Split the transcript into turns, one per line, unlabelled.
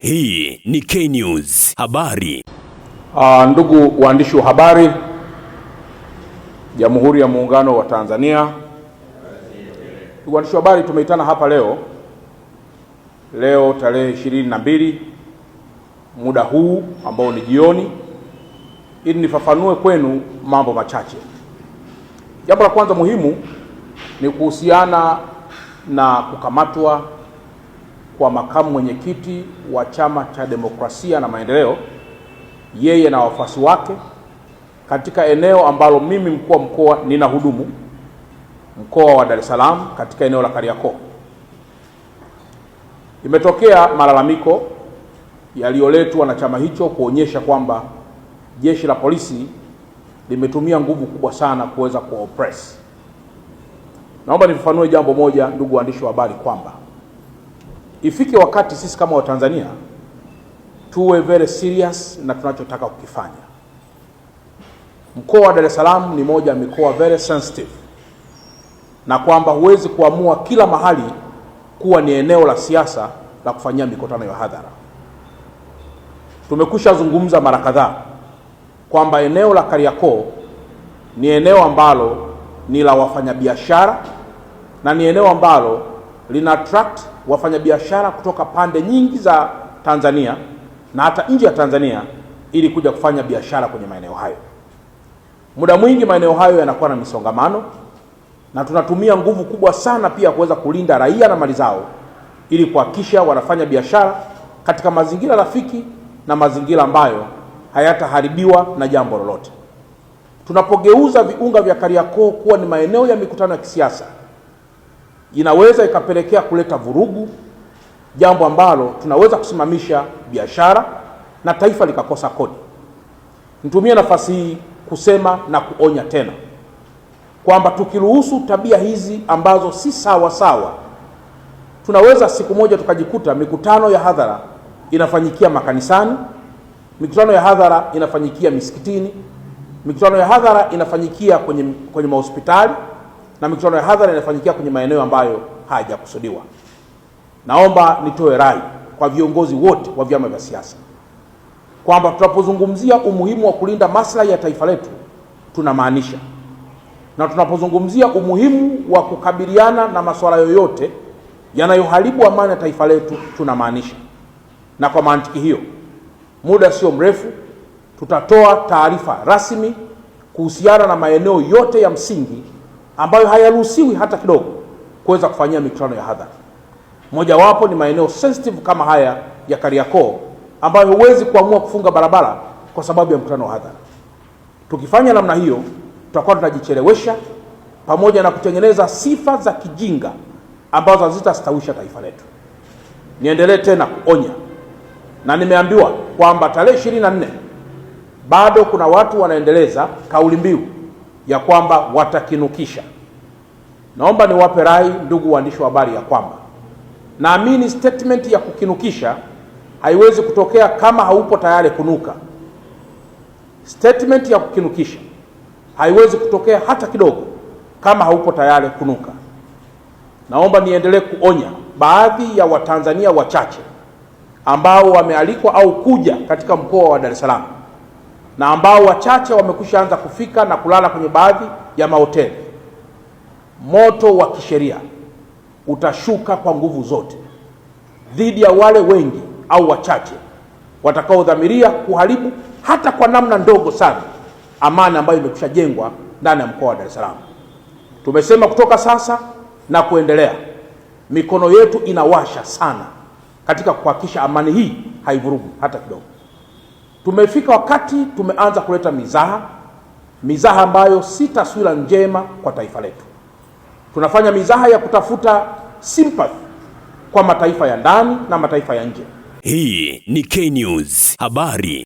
Hii ni K-News habari.
Uh, ndugu waandishi wa habari, Jamhuri ya Muungano wa Tanzania. Ndugu waandishi wa habari, tumeitana hapa leo leo tarehe ishirini na mbili muda huu ambao ni jioni, ili nifafanue kwenu mambo machache. Jambo la kwanza muhimu ni kuhusiana na kukamatwa kwa makamu mwenyekiti wa Chama cha Demokrasia na Maendeleo, yeye na wafuasi wake katika eneo ambalo mimi mkuu wa mkoa hudumu mkoa wa Dar es Salaam, katika eneo la Kariakoo. Imetokea malalamiko yaliyoletwa na chama hicho kuonyesha kwamba jeshi la polisi limetumia nguvu kubwa sana kuweza kuoppress. Naomba nifafanue jambo moja, ndugu waandishi wa habari, kwamba Ifike wakati sisi kama Watanzania tuwe very serious na tunachotaka kukifanya. Mkoa wa Dar es Salaam ni moja ya mikoa very sensitive, na kwamba huwezi kuamua kila mahali kuwa ni eneo la siasa la kufanyia mikutano ya hadhara. Tumekwisha zungumza mara kadhaa kwamba eneo la Kariakoo ni eneo ambalo ni la wafanyabiashara na ni eneo ambalo lina attract wafanyabiashara kutoka pande nyingi za Tanzania na hata nje ya Tanzania ili kuja kufanya biashara kwenye maeneo hayo. Muda mwingi maeneo hayo yanakuwa na misongamano, na tunatumia nguvu kubwa sana pia kuweza kulinda raia na mali zao ili kuhakikisha wanafanya biashara katika mazingira rafiki na mazingira ambayo hayataharibiwa na jambo lolote. Tunapogeuza viunga vya Kariakoo kuwa ni maeneo ya mikutano ya kisiasa inaweza ikapelekea kuleta vurugu, jambo ambalo tunaweza kusimamisha biashara na taifa likakosa kodi. Nitumie nafasi hii kusema na kuonya tena kwamba tukiruhusu tabia hizi ambazo si sawa sawa, tunaweza siku moja tukajikuta mikutano ya hadhara inafanyikia makanisani, mikutano ya hadhara inafanyikia misikitini, mikutano ya hadhara inafanyikia kwenye, kwenye mahospitali na mikutano ya hadhara inafanyikia kwenye maeneo ambayo hayajakusudiwa. Naomba nitoe rai kwa viongozi wote wa vyama vya siasa kwamba tunapozungumzia umuhimu wa kulinda maslahi ya taifa letu tunamaanisha, na tunapozungumzia umuhimu wa kukabiliana na masuala yoyote yanayoharibu amani ya taifa letu tunamaanisha. Na kwa mantiki hiyo, muda sio mrefu tutatoa taarifa rasmi kuhusiana na maeneo yote ya msingi ambayo hayaruhusiwi hata kidogo kuweza kufanyia mikutano ya hadhara. Mojawapo ni maeneo sensitive kama haya ya Kariakoo ambayo huwezi kuamua kufunga barabara kwa sababu ya mkutano wa hadhara. Tukifanya namna hiyo, tutakuwa tunajichelewesha pamoja na kutengeneza sifa za kijinga ambazo hazitastawisha taifa letu. Niendelee tena kuonya, na nimeambiwa kwamba tarehe 24 bado kuna watu wanaendeleza kauli mbiu ya kwamba watakinukisha. Naomba niwape rai, ndugu waandishi wa habari, ya kwamba naamini statement ya kukinukisha haiwezi kutokea kama haupo tayari kunuka. Statement ya kukinukisha haiwezi kutokea hata kidogo kama haupo tayari kunuka. Naomba niendelee kuonya baadhi ya Watanzania wachache ambao wamealikwa au kuja katika mkoa wa Dar es Salaam na ambao wachache wamekushaanza anza kufika na kulala kwenye baadhi ya mahoteli. Moto wa kisheria utashuka kwa nguvu zote dhidi ya wale wengi au wachache watakaodhamiria kuharibu hata kwa namna ndogo sana amani ambayo imekushajengwa jengwa ndani ya mkoa wa Dar es Salaam. Tumesema kutoka sasa na kuendelea, mikono yetu inawasha sana katika kuhakikisha amani hii haivurugu hata kidogo. Tumefika wakati tumeanza kuleta mizaha, mizaha ambayo si taswira njema kwa taifa letu. Tunafanya mizaha ya kutafuta sympathy kwa mataifa ya ndani na mataifa ya nje. Hii ni K News habari.